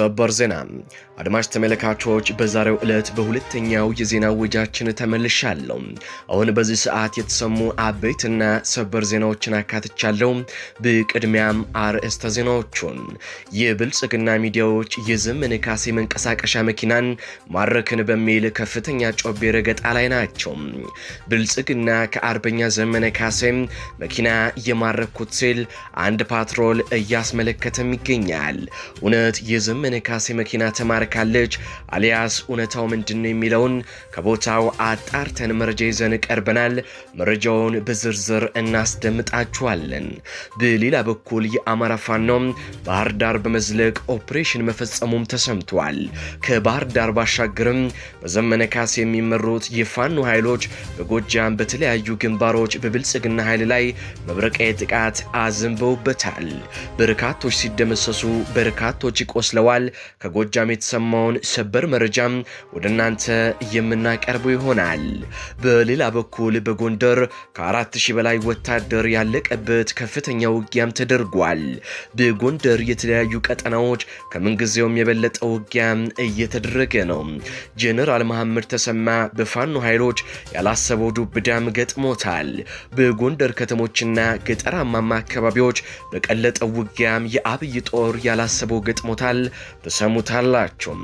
ሰበር ዜና አድማጭ ተመልካቾች፣ በዛሬው ዕለት በሁለተኛው የዜና ወጃችን ተመልሻለሁ። አሁን በዚህ ሰዓት የተሰሙ አበይትና ሰበር ዜናዎችን አካትቻለሁ። በቅድሚያም አርዕስተ ዜናዎቹን የብልጽግና ሚዲያዎች የዘመነ ካሴ መንቀሳቀሻ መኪናን ማረክን በሚል ከፍተኛ ጮቤ ረገጣ ላይ ናቸው። ብልጽግና ከአርበኛ ዘመነ ካሴ መኪና የማረኩት ሲል አንድ ፓትሮል እያስመለከተም ይገኛል። እውነት የዘመነ ዘመነ ካሴ መኪና ተማርካለች አሊያስ እውነታው ምንድን ነው የሚለውን ከቦታው አጣርተን መረጃ ይዘን ቀርበናል። መረጃውን በዝርዝር እናስደምጣችኋለን። በሌላ በኩል የአማራ ፋኖ ባህር ዳር በመዝለቅ ኦፕሬሽን መፈጸሙም ተሰምቷል። ከባህር ዳር ባሻገርም በዘመነ ካሴ የሚመሩት የፋኖ ኃይሎች በጎጃም በተለያዩ ግንባሮች በብልጽግና ኃይል ላይ መብረቃዊ ጥቃት አዘንበውበታል። በርካቶች ሲደመሰሱ፣ በርካቶች ይቆስለዋል። ይሆናል። ከጎጃም የተሰማውን ሰበር መረጃም ወደ እናንተ የምናቀርበው ይሆናል። በሌላ በኩል በጎንደር ከአራት ሺህ በላይ ወታደር ያለቀበት ከፍተኛ ውጊያም ተደርጓል። በጎንደር የተለያዩ ቀጠናዎች ከምንጊዜውም የበለጠ ውጊያም እየተደረገ ነው። ጀነራል መሐመድ ተሰማ በፋኖ ኃይሎች ያላሰበው ዱብዳም ገጥሞታል። በጎንደር ከተሞችና ገጠራማማ አካባቢዎች በቀለጠው ውጊያም የአብይ ጦር ያላሰበው ገጥሞታል። ተሰሙታላቸው።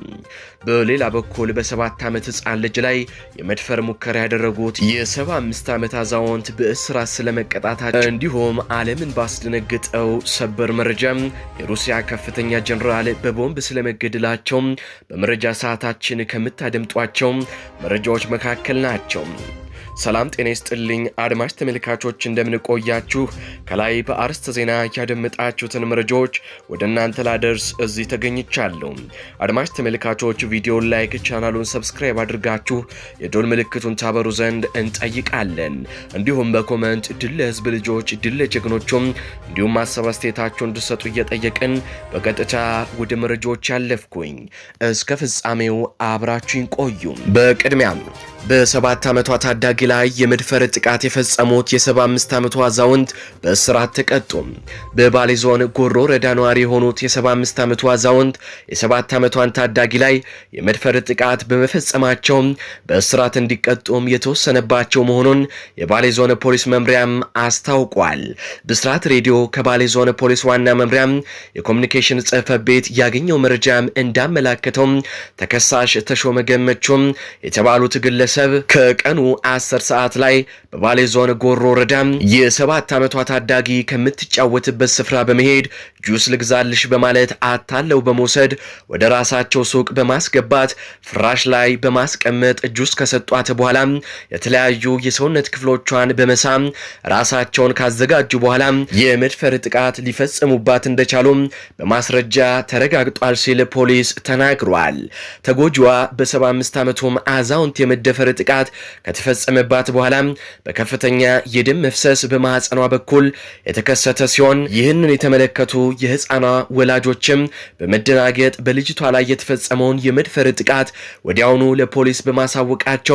በሌላ በኩል በሰባት ዓመት ህፃን ልጅ ላይ የመድፈር ሙከራ ያደረጉት የ75 ዓመት አዛውንት በእስራት ስለመቀጣታቸው እንዲሁም ዓለምን ባስደነግጠው ሰበር መረጃ የሩሲያ ከፍተኛ ጀኔራል በቦምብ ስለመገደላቸው በመረጃ ሰዓታችን ከምታደምጧቸው መረጃዎች መካከል ናቸው። ሰላም ጤና ይስጥልኝ አድማጭ ተመልካቾች፣ እንደምንቆያችሁ ከላይ በአርስተ ዜና ያደመጣችሁትን መረጃዎች ወደ እናንተ ላደርስ እዚህ ተገኝቻለሁ። አድማጭ ተመልካቾች ቪዲዮን ላይክ፣ ቻናሉን ሰብስክራይብ አድርጋችሁ የዶል ምልክቱን ታበሩ ዘንድ እንጠይቃለን። እንዲሁም በኮመንት ድል ለህዝብ ልጆች፣ ድል ለጀግኖቹም እንዲሁም ሀሳብ አስተያየታችሁን እንድሰጡ እየጠየቅን በቀጥታ ወደ መረጃዎች ያለፍኩኝ፣ እስከ ፍጻሜው አብራችሁን ቆዩ። በቅድሚያ በሰባት ዓመቷ ታዳጊ ላይ የመድፈር ጥቃት የፈጸሙት የ75 ዓመቷ አዛውንት በእስራት ተቀጡ። በባሌ ዞን ጎሮ ወረዳ ነዋሪ የሆኑት የ75 ዓመቷ አዛውንት የሰባት ዓመቷን ታዳጊ ላይ የመድፈር ጥቃት በመፈጸማቸው በእስራት እንዲቀጡም የተወሰነባቸው መሆኑን የባሌ ዞን ፖሊስ መምሪያም አስታውቋል። ብስራት ሬዲዮ ከባሌ ዞን ፖሊስ ዋና መምሪያም የኮሚኒኬሽን ጽሕፈት ቤት ያገኘው መረጃም እንዳመላከተው ተከሳሽ ተሾመ ገመቹም የተባሉት ግለሰብ ግለሰብ ከቀኑ 10 ሰዓት ላይ በባሌ ዞን ጎሮ ወረዳም የሰባት ዓመቷ ታዳጊ ከምትጫወትበት ስፍራ በመሄድ ጁስ ልግዛልሽ በማለት አታለው በመውሰድ ወደ ራሳቸው ሱቅ በማስገባት ፍራሽ ላይ በማስቀመጥ ጁስ ከሰጧት በኋላ የተለያዩ የሰውነት ክፍሎቿን በመሳም ራሳቸውን ካዘጋጁ በኋላ የመድፈር ጥቃት ሊፈጽሙባት እንደቻሉም በማስረጃ ተረጋግጧል ሲል ፖሊስ ተናግሯል። ተጎጂዋ በ75 ዓመቱም አዛውንት የመደፈ የሰፈር ጥቃት ከተፈጸመባት በኋላ በከፍተኛ የደም መፍሰስ በማህፀኗ በኩል የተከሰተ ሲሆን ይህንን የተመለከቱ የህፃኗ ወላጆችም በመደናገጥ በልጅቷ ላይ የተፈጸመውን የመድፈር ጥቃት ወዲያውኑ ለፖሊስ በማሳወቃቸው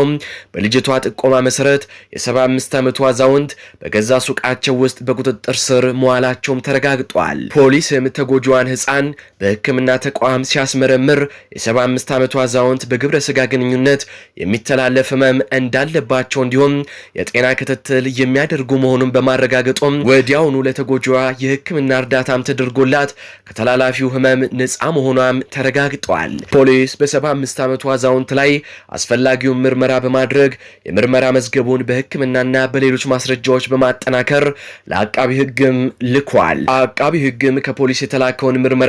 በልጅቷ ጥቆማ መሰረት የ75 ዓመቱ አዛውንት በገዛ ሱቃቸው ውስጥ በቁጥጥር ስር መዋላቸውም ተረጋግጧል። ፖሊስም ተጎጂዋን ህፃን በህክምና ተቋም ሲያስመረምር የ75 ዓመቱ አዛውንት በግብረ ስጋ ግንኙነት የሚተላ የሚተላለፍ ህመም እንዳለባቸው እንዲሁም የጤና ክትትል የሚያደርጉ መሆኑን በማረጋገጡም ወዲያውኑ ለተጎጂዋ የህክምና እርዳታም ተደርጎላት ከተላላፊው ህመም ነፃ መሆኗም ተረጋግጧል። ፖሊስ በ75 ዓመቱ አዛውንት ላይ አስፈላጊውን ምርመራ በማድረግ የምርመራ መዝገቡን በህክምናና በሌሎች ማስረጃዎች በማጠናከር ለአቃቢ ህግም ልኳል። አቃቢ ህግም ከፖሊስ የተላከውን ምርመራ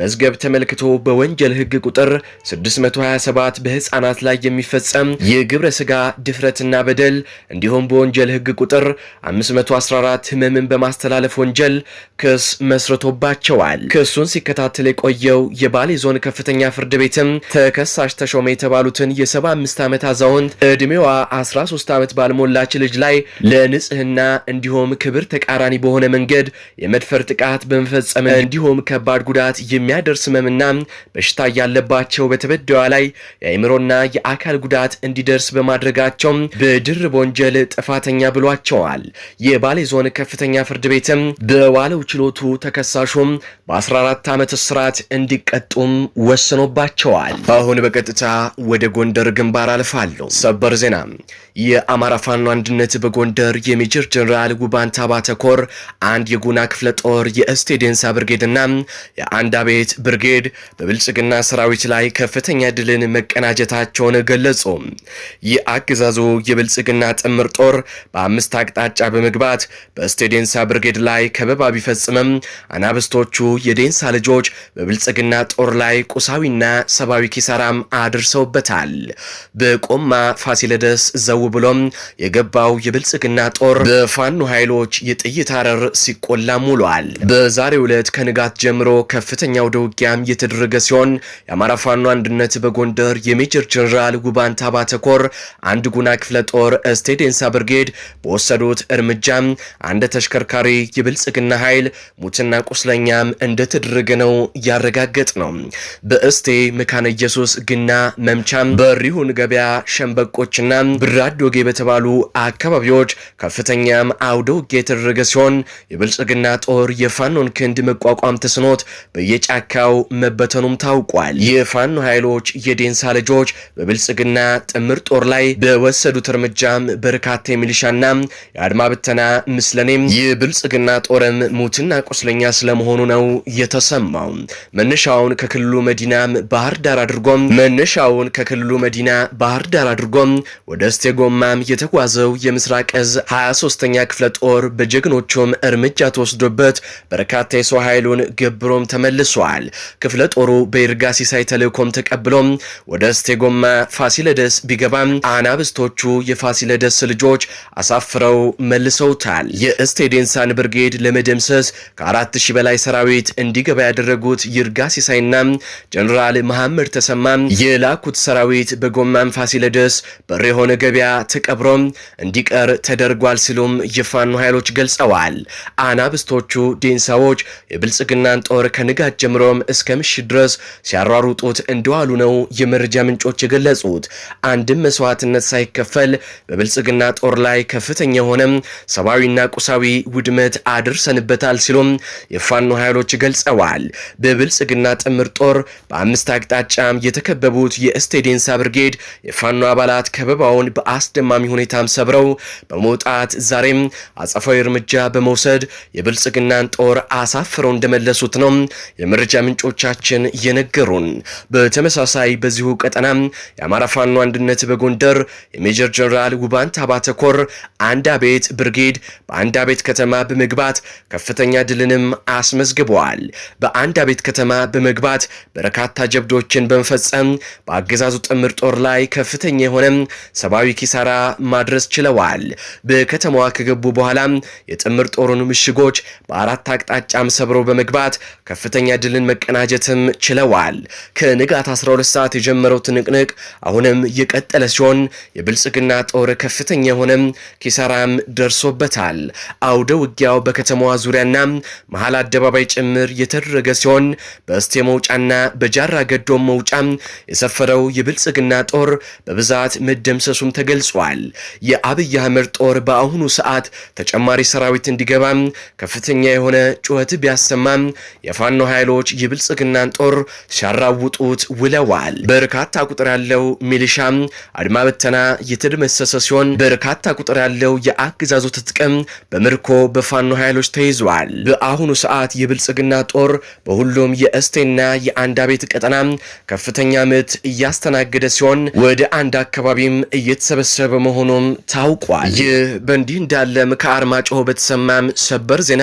መዝገብ ተመልክቶ በወንጀል ህግ ቁጥር 627 በህፃናት ላይ የሚፈጸም የግብረ ስጋ ድፍረትና በደል እንዲሁም በወንጀል ህግ ቁጥር 514 ህመምን በማስተላለፍ ወንጀል ክስ መስርቶባቸዋል። ክሱን ሲከታተል የቆየው የባሌ ዞን ከፍተኛ ፍርድ ቤትም ተከሳሽ ተሾመ የተባሉትን የ75 ዓመት አዛውንት ዕድሜዋ 13 ዓመት ባልሞላች ልጅ ላይ ለንጽህና እንዲሁም ክብር ተቃራኒ በሆነ መንገድ የመድፈር ጥቃት በመፈጸም እንዲሁም ከባድ ጉዳት የሚያደርስ ህመምና በሽታ ያለባቸው በተበደዋ ላይ የአእምሮና የአካል ጉዳት እንዲ እንዲደርስ በማድረጋቸው በድርብ ወንጀል ጥፋተኛ ብሏቸዋል። የባሌ ዞን ከፍተኛ ፍርድ ቤትም በዋለው ችሎቱ ተከሳሹም በ14 ዓመት እስራት እንዲቀጡም ወስኖባቸዋል። አሁን በቀጥታ ወደ ጎንደር ግንባር አልፋለሁ። ሰበር ዜና የአማራ ፋኖ አንድነት በጎንደር የሜጀር ጀነራል ጉባን ታባተኮር አንድ የጉና ክፍለ ጦር የእስቴ ዴንሳ ብርጌድና የአንድ አቤት ብርጌድ በብልጽግና ሰራዊት ላይ ከፍተኛ ድልን መቀናጀታቸውን ገለጹ። አገዛዙ የብልጽግና ጥምር ጦር በአምስት አቅጣጫ በመግባት በእስቴ ብርጌድ ላይ ከበባ ቢፈጽምም አናብስቶቹ የዴንሳ ልጆች በብልጽግና ጦር ላይ ቁሳዊና ሰብአዊ ኪሳራም አድርሰውበታል። በቆማ ፋሲለደስ ዘው ብሎም የገባው የብልጽግና ጦር በፋኖ ኃይሎች የጥይት አረር ሲቆላ ሙሏል። በዛሬው ዕለት ከንጋት ጀምሮ ከፍተኛ ወደ ውጊያም የተደረገ ሲሆን የአማራ ፋኖ አንድነት በጎንደር የሜጀር ጀኔራል ጉባንታ ባተኮር አንድ ጉና ክፍለ ጦር ስቴዴንሳ ብርጌድ በወሰዱት እርምጃም አንድ ተሽከርካሪ የብልጽግና ኃይል ሙትና ቁስለኛም እንደተደረገ ነው ያረጋገጥ ነው። በእስቴ መካነ ኢየሱስ ግና መምቻም በሪሁን ገበያ ሸንበቆችና ብራ አዶጌ በተባሉ አካባቢዎች ከፍተኛም አውደ ውጊያ የተደረገ ሲሆን የብልጽግና ጦር የፋኖን ክንድ መቋቋም ተስኖት በየጫካው መበተኑም ታውቋል። የፋኖ ኃይሎች የዴንሳ ልጆች በብልጽግና ጥምር ጦር ላይ በወሰዱት እርምጃም በርካታ የሚሊሻና የአድማ ብተና ምስለኔም የብልጽግና ጦርም ሙትና ቁስለኛ ስለመሆኑ ነው የተሰማው። መነሻውን ከክልሉ መዲና ባህር ዳር አድርጎም መነሻውን ከክልሉ መዲና ባህር ዳር አድርጎም ወደ ስቴጎ ጎማም የተጓዘው የምስራቅ እዝ 23ኛ ክፍለ ጦር በጀግኖቹም እርምጃ ተወስዶበት በርካታ የሰው ኃይሉን ገብሮም ተመልሷል። ክፍለ ጦሩ በይርጋ ሲሳይ ተልእኮም ተቀብሎም ወደ እስቴ ጎማ ፋሲለደስ ቢገባም አናብስቶቹ የፋሲለደስ ልጆች አሳፍረው መልሰውታል። የእስቴ ዴንሳን ብርጌድ ለመደምሰስ ከአራት ሺህ በላይ ሰራዊት እንዲገባ ያደረጉት ይርጋ ሲሳይና ጀኔራል መሐመድ ተሰማም የላኩት ሰራዊት በጎማም ፋሲለደስ በር የሆነ ገበያ ተቀብሮም እንዲቀር ተደርጓል ሲሉም የፋኖ ኃይሎች ገልጸዋል። አናብስቶቹ ዴንሳዎች የብልጽግናን ጦር ከንጋት ጀምሮም እስከ ምሽት ድረስ ሲያሯሩጡት እንደዋሉ ነው የመረጃ ምንጮች የገለጹት። አንድም መስዋዕትነት ሳይከፈል በብልጽግና ጦር ላይ ከፍተኛ የሆነም ሰብአዊና ቁሳዊ ውድመት አድርሰንበታል ሲሉም የፋኖ ኃይሎች ገልጸዋል። በብልጽግና ጥምር ጦር በአምስት አቅጣጫም የተከበቡት የእስቴ ዴንሳ ብርጌድ የፋኖ አባላት ከበባውን በአ በአስደማሚ ሁኔታም ሰብረው በመውጣት ዛሬም አጸፋዊ እርምጃ በመውሰድ የብልጽግናን ጦር አሳፍረው እንደመለሱት ነው የመረጃ ምንጮቻችን የነገሩን። በተመሳሳይ በዚሁ ቀጠና የአማራ ፋኖ አንድነት በጎንደር የሜጀር ጀነራል ውባንት አባተኮር አንድ አቤት ብርጌድ በአንድ አቤት ከተማ በመግባት ከፍተኛ ድልንም አስመዝግበዋል። በአንድ አቤት ከተማ በመግባት በርካታ ጀብዶችን በመፈጸም በአገዛዙ ጥምር ጦር ላይ ከፍተኛ የሆነ ሰብአዊ ኪሳ ኪሳራ ማድረስ ችለዋል። በከተማዋ ከገቡ በኋላ የጥምር ጦሩን ምሽጎች በአራት አቅጣጫም ሰብረው በመግባት ከፍተኛ ድልን መቀናጀትም ችለዋል። ከንጋት 12 ሰዓት የጀመረው ትንቅንቅ አሁንም የቀጠለ ሲሆን የብልጽግና ጦር ከፍተኛ የሆነም ኪሳራም ደርሶበታል። አውደ ውጊያው በከተማዋ ዙሪያና መሀል አደባባይ ጭምር የተደረገ ሲሆን በእስቴ መውጫና በጃራ ገዶም መውጫም የሰፈረው የብልጽግና ጦር በብዛት መደምሰሱም ተገ ገልጿል። የአብይ አህመድ ጦር በአሁኑ ሰዓት ተጨማሪ ሰራዊት እንዲገባም ከፍተኛ የሆነ ጩኸት ቢያሰማም የፋኖ ኃይሎች የብልጽግናን ጦር ሲያራውጡት ውለዋል። በርካታ ቁጥር ያለው ሚሊሻም አድማ በተና የተደመሰሰ ሲሆን በርካታ ቁጥር ያለው የአገዛዙ ትጥቅም በምርኮ በፋኖ ኃይሎች ተይዟል። በአሁኑ ሰዓት የብልጽግና ጦር በሁሉም የእስቴና የአንዳ ቤት ቀጠና ከፍተኛ ምት እያስተናገደ ሲሆን ወደ አንድ አካባቢም እየተሰበ እየተሰበሰበ መሆኑም ታውቋል። ይህ በእንዲህ እንዳለም ከአርማጭሆ በተሰማም ሰበር ዜና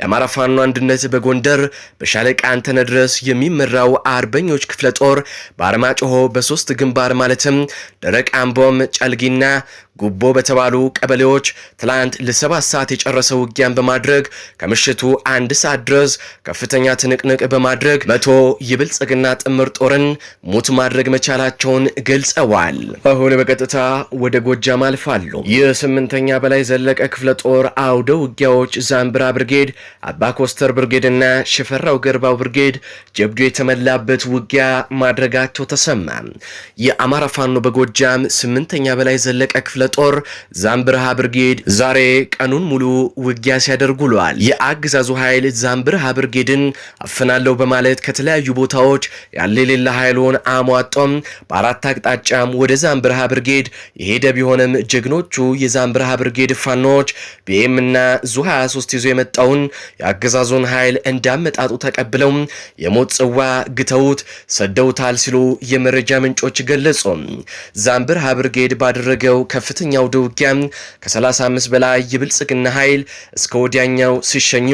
የአማራ ፋኖ አንድነት በጎንደር በሻለቃ አንተነ ድረስ የሚመራው አርበኞች ክፍለ ጦር በአርማጭሆ በሶስት ግንባር ማለትም ደረቅ አምቦም፣ ጨልጊና ጉቦ በተባሉ ቀበሌዎች ትላንት ለሰባት ሰዓት የጨረሰ ውጊያን በማድረግ ከምሽቱ አንድ ሰዓት ድረስ ከፍተኛ ትንቅንቅ በማድረግ መቶ የብልጽግና ጥምር ጦርን ሙት ማድረግ መቻላቸውን ገልጸዋል። አሁን በቀጥታ ወደ ጎጃም አልፋሉ። የስምንተኛ በላይ ዘለቀ ክፍለ ጦር አውደ ውጊያዎች ዛምብራ ብርጌድ፣ አባ ኮስተር ብርጌድ እና ሽፈራው ገርባው ብርጌድ ጀብዱ የተመላበት ውጊያ ማድረጋቸው ተሰማ። የአማራ ፋኖ በጎጃም ስምንተኛ በላይ ዘለቀ ክፍለ ጦር ዛምብርሃ ብርጌድ ዛሬ ቀኑን ሙሉ ውጊያ ሲያደርጉ ውሏል። የአገዛዙ ኃይል ዛምብርሃ ብርጌድን አፍናለሁ በማለት ከተለያዩ ቦታዎች ያለ የሌለ ኃይሉን አሟጦም በአራት አቅጣጫም ወደ ዛምብርሃ ብርጌድ የሄደ ቢሆንም ጀግኖቹ የዛምብርሃ ብርጌድ ፋኖች ና ዙ 23 ይዞ የመጣውን የአገዛዙን ኃይል እንዳመጣጡ ተቀብለው የሞት ጽዋ ግተውት ሰደውታል ሲሉ የመረጃ ምንጮች ገለጹ። ዛምብርሃ ብርጌድ ባደረገው ከፍተኛው ውጊያ ከ35 በላይ የብልጽግና ኃይል እስከ ወዲያኛው ሲሸኙ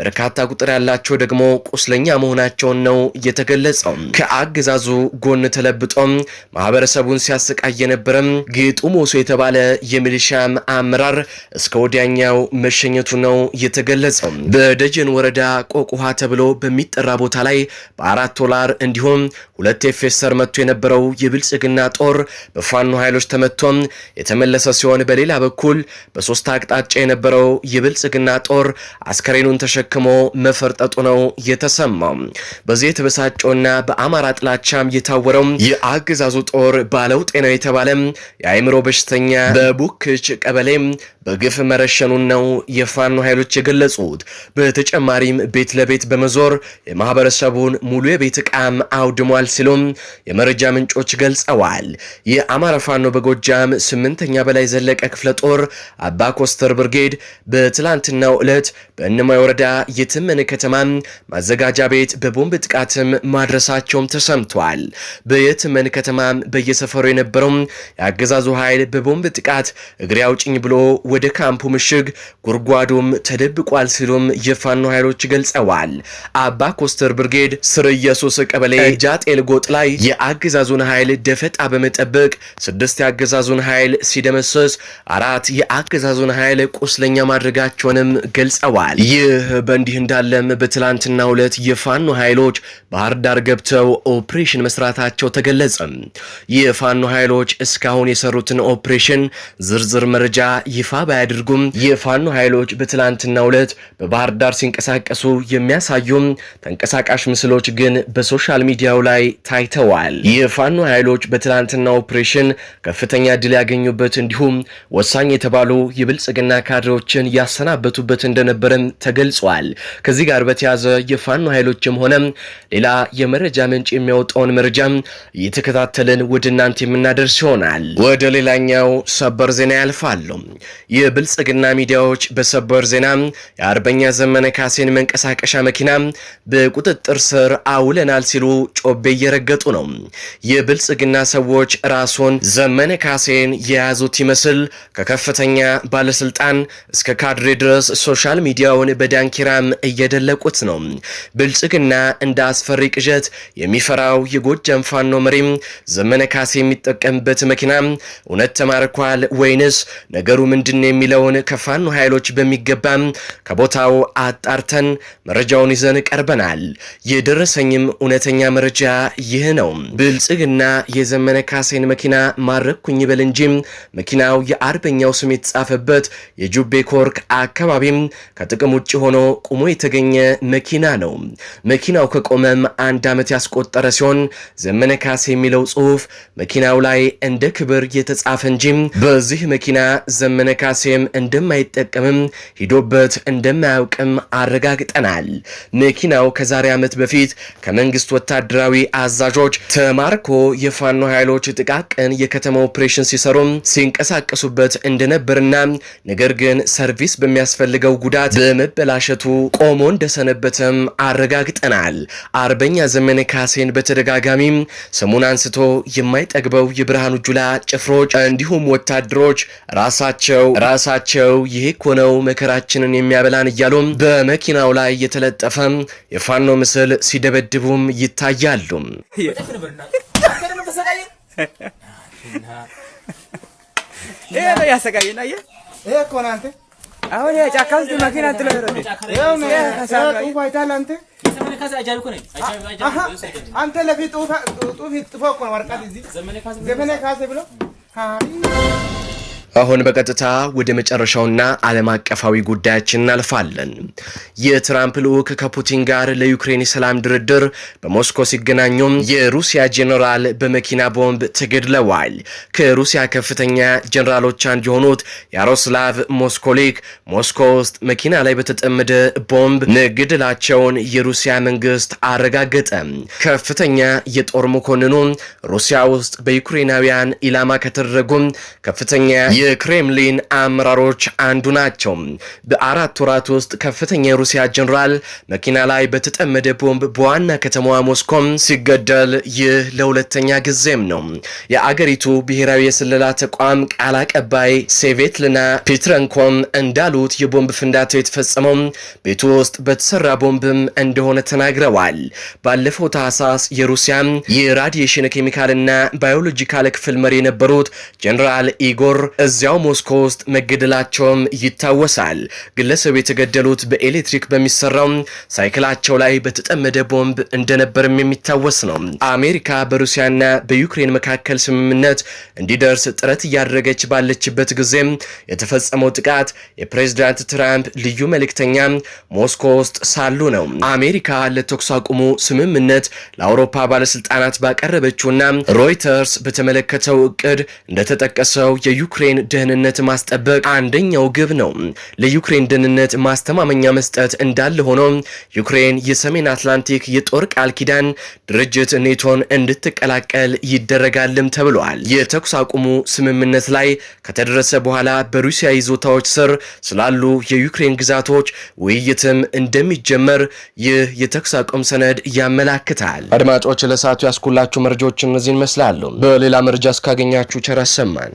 በርካታ ቁጥር ያላቸው ደግሞ ቁስለኛ መሆናቸውን ነው የተገለጸው። ከአገዛዙ ጎን ተለብጦ ማህበረሰቡን ሲያሰቃይ የነበረም ጡሞሶ የተባለ የሚሊሻም አመራር እስከ ወዲያኛው መሸኘቱ ነው የተገለጸው። በደጀን ወረዳ ቆቁሃ ተብሎ በሚጠራ ቦታ ላይ በአራት ዶላር እንዲሁም ሁለት ኤፌሰር መጥቶ የነበረው የብልጽግና ጦር በፋኖ ኃይሎች ተመቶም የተመለሰ ሲሆን፣ በሌላ በኩል በሶስት አቅጣጫ የነበረው የብልጽግና ጦር አስከሬኑን ተሸክሞ መፈርጠጡ ነው የተሰማው። በዚህ የተበሳጨውና በአማራ ጥላቻም የታወረው የአገዛዙ ጦር ባለው የተባለ። የተባለም የአእምሮ በሽተኛ በቡክች ቀበሌም በግፍ መረሸኑን ነው የፋኖ ኃይሎች የገለጹት። በተጨማሪም ቤት ለቤት በመዞር የማህበረሰቡን ሙሉ የቤት ዕቃም አውድሟል ሲሉም የመረጃ ምንጮች ገልጸዋል። የአማራ ፋኖ በጎጃም ስምንተኛ በላይ ዘለቀ ክፍለ ጦር አባ ኮስተር ብርጌድ በትላንትናው ዕለት በእነማይ ወረዳ የትመን ከተማም ማዘጋጃ ቤት በቦምብ ጥቃትም ማድረሳቸውም ተሰምቷል። በየትመን ከተማም በየሰፈሩ የነበረው የአገዛዙ የአገዛዙ ኃይል በቦምብ ጥቃት እግሬ አውጭኝ ብሎ ወደ ካምፑ ምሽግ ጉርጓዱም ተደብቋል ሲሉም የፋኖ ኃይሎች ገልጸዋል። አባ ኮስተር ብርጌድ ስር ኢየሱስ ቀበሌ ጃጤል ጎጥ ላይ የአገዛዙን ኃይል ደፈጣ በመጠበቅ ስድስት የአገዛዙን ኃይል ሲደመሰስ አራት የአገዛዙን ኃይል ቁስለኛ ማድረጋቸውንም ገልጸዋል። ይህ በእንዲህ እንዳለም በትላንትና ሁለት የፋኖ ኃይሎች ባህር ዳር ገብተው ኦፕሬሽን መስራታቸው ተገለጸ። የፋኖ ኃይሎች እስካሁን የሰሩ የሰሩትን ኦፕሬሽን ዝርዝር መረጃ ይፋ ባያደርጉም የፋኖ ኃይሎች በትላንትናው ዕለት በባህር ዳር ሲንቀሳቀሱ የሚያሳዩም ተንቀሳቃሽ ምስሎች ግን በሶሻል ሚዲያው ላይ ታይተዋል። የፋኖ ኃይሎች በትላንትና ኦፕሬሽን ከፍተኛ ድል ያገኙበት እንዲሁም ወሳኝ የተባሉ የብልጽግና ካድሬዎችን ያሰናበቱበት እንደነበረም ተገልጿል። ከዚህ ጋር በተያዘ የፋኖ ኃይሎችም ሆነ ሌላ የመረጃ ምንጭ የሚያወጣውን መረጃም እየተከታተልን ወደ እናንተ የምናደርስ ይሆናል። ወደ ሌላኛው ሰበር ዜና ያልፋሉ። የብልጽግና ሚዲያዎች በሰበር ዜና የአርበኛ ዘመነ ካሴን መንቀሳቀሻ መኪና በቁጥጥር ስር አውለናል ሲሉ ጮቤ እየረገጡ ነው። የብልጽግና ሰዎች ራሱን ዘመነ ካሴን የያዙት ይመስል ከከፍተኛ ባለስልጣን እስከ ካድሬ ድረስ ሶሻል ሚዲያውን በዳንኪራም እየደለቁት ነው። ብልጽግና እንደ አስፈሪ ቅዠት የሚፈራው የጎጃም ፋኖ መሪም ዘመነ ካሴ የሚጠቀምበት መኪና እውነት ተማርኳል ወይንስ ነገሩ ምንድን የሚለውን ከፋኖ ኃይሎች በሚገባም ከቦታው አጣርተን መረጃውን ይዘን ቀርበናል። የደረሰኝም እውነተኛ መረጃ ይህ ነው። ብልጽግና የዘመነ ካሴን መኪና ማረኩኝ ይበል እንጂ መኪናው የአርበኛው ስም የተጻፈበት የጁቤ ኮርክ አካባቢም ከጥቅም ውጭ ሆኖ ቁሞ የተገኘ መኪና ነው። መኪናው ከቆመም አንድ ዓመት ያስቆጠረ ሲሆን ዘመነ ካሴ የሚለው ጽሑፍ መኪናው ላይ እንደ ክብር የተጻፈ እንጂ በዚህ መኪና ዘመነ ካሴም እንደማይጠቀምም ሂዶበት እንደማያውቅም አረጋግጠናል። መኪናው ከዛሬ ዓመት በፊት ከመንግስት ወታደራዊ አዛዦች ተማርኮ የፋኖ ኃይሎች ጥቃቅን የከተማ ኦፕሬሽን ሲሰሩ ሲንቀሳቀሱበት እንደነበርና ነገር ግን ሰርቪስ በሚያስፈልገው ጉዳት በመበላሸቱ ቆሞ እንደሰነበተም አረጋግጠናል። አርበኛ ዘመነ ካሴን በተደጋጋሚ ስሙን አንስቶ የማይጠግበው የብርሃኑ ጁላ ጭፍ ጭፍሮች እንዲሁም ወታደሮች ራሳቸው ራሳቸው ይህ እኮ ነው መከራችንን የሚያበላን እያሉም በመኪናው ላይ የተለጠፈ የፋኖ ምስል ሲደበድቡም ይታያሉ። አንተ ለፊት ጡፍ ጥፎ እኮ ነው እዚህ ዘመነ ካሴ ብሎ 嗨。አሁን በቀጥታ ወደ መጨረሻውና ዓለም አቀፋዊ ጉዳያችን እናልፋለን። የትራምፕ ልዑክ ከፑቲን ጋር ለዩክሬን የሰላም ድርድር በሞስኮ ሲገናኙም የሩሲያ ጄኔራል በመኪና ቦምብ ተገድለዋል። ከሩሲያ ከፍተኛ ጄኔራሎች አንዱ የሆኑት ያሮስላቭ ሞስኮሊክ ሞስኮ ውስጥ መኪና ላይ በተጠመደ ቦምብ መገደላቸውን የሩሲያ መንግስት አረጋገጠ። ከፍተኛ የጦር መኮንኑ ሩሲያ ውስጥ በዩክሬናውያን ኢላማ ከተደረጉም ከፍተኛ የክሬምሊን አመራሮች አንዱ ናቸው። በአራት ወራት ውስጥ ከፍተኛ የሩሲያ ጀኔራል መኪና ላይ በተጠመደ ቦምብ በዋና ከተማዋ ሞስኮም ሲገደል ይህ ለሁለተኛ ጊዜም ነው። የአገሪቱ ብሔራዊ የስለላ ተቋም ቃል አቀባይ ሴቬትልና ፒትረንኮም እንዳሉት የቦምብ ፍንዳታው የተፈጸመው ቤቱ ውስጥ በተሰራ ቦምብም እንደሆነ ተናግረዋል። ባለፈው ታህሳስ የሩሲያ የራዲየሽን ኬሚካልና ባዮሎጂካል ክፍል መሪ የነበሩት ጀኔራል ኢጎር እዚያው ሞስኮ ውስጥ መገደላቸውም ይታወሳል። ግለሰብ የተገደሉት በኤሌክትሪክ በሚሰራው ሳይክላቸው ላይ በተጠመደ ቦምብ እንደነበርም የሚታወስ ነው። አሜሪካ በሩሲያና በዩክሬን መካከል ስምምነት እንዲደርስ ጥረት እያደረገች ባለችበት ጊዜም የተፈጸመው ጥቃት የፕሬዝዳንት ትራምፕ ልዩ መልእክተኛ ሞስኮ ውስጥ ሳሉ ነው። አሜሪካ ለተኩስ አቁሙ ስምምነት ለአውሮፓ ባለስልጣናት ባቀረበችውና ሮይተርስ በተመለከተው እቅድ እንደተጠቀሰው የዩክሬን ደህንነት ማስጠበቅ አንደኛው ግብ ነው። ለዩክሬን ደህንነት ማስተማመኛ መስጠት እንዳለ ሆኖ ዩክሬን የሰሜን አትላንቲክ የጦር ቃል ኪዳን ድርጅት ኔቶን እንድትቀላቀል ይደረጋልም ተብሏል። የተኩስ አቁሙ ስምምነት ላይ ከተደረሰ በኋላ በሩሲያ ይዞታዎች ስር ስላሉ የዩክሬን ግዛቶች ውይይትም እንደሚጀመር ይህ የተኩስ አቁም ሰነድ ያመላክታል። አድማጮች ለሰዓቱ ያስኩላችሁ መረጃዎች እነዚህን ይመስላሉ። በሌላ መረጃ እስካገኛችሁ ቸር አሰማን።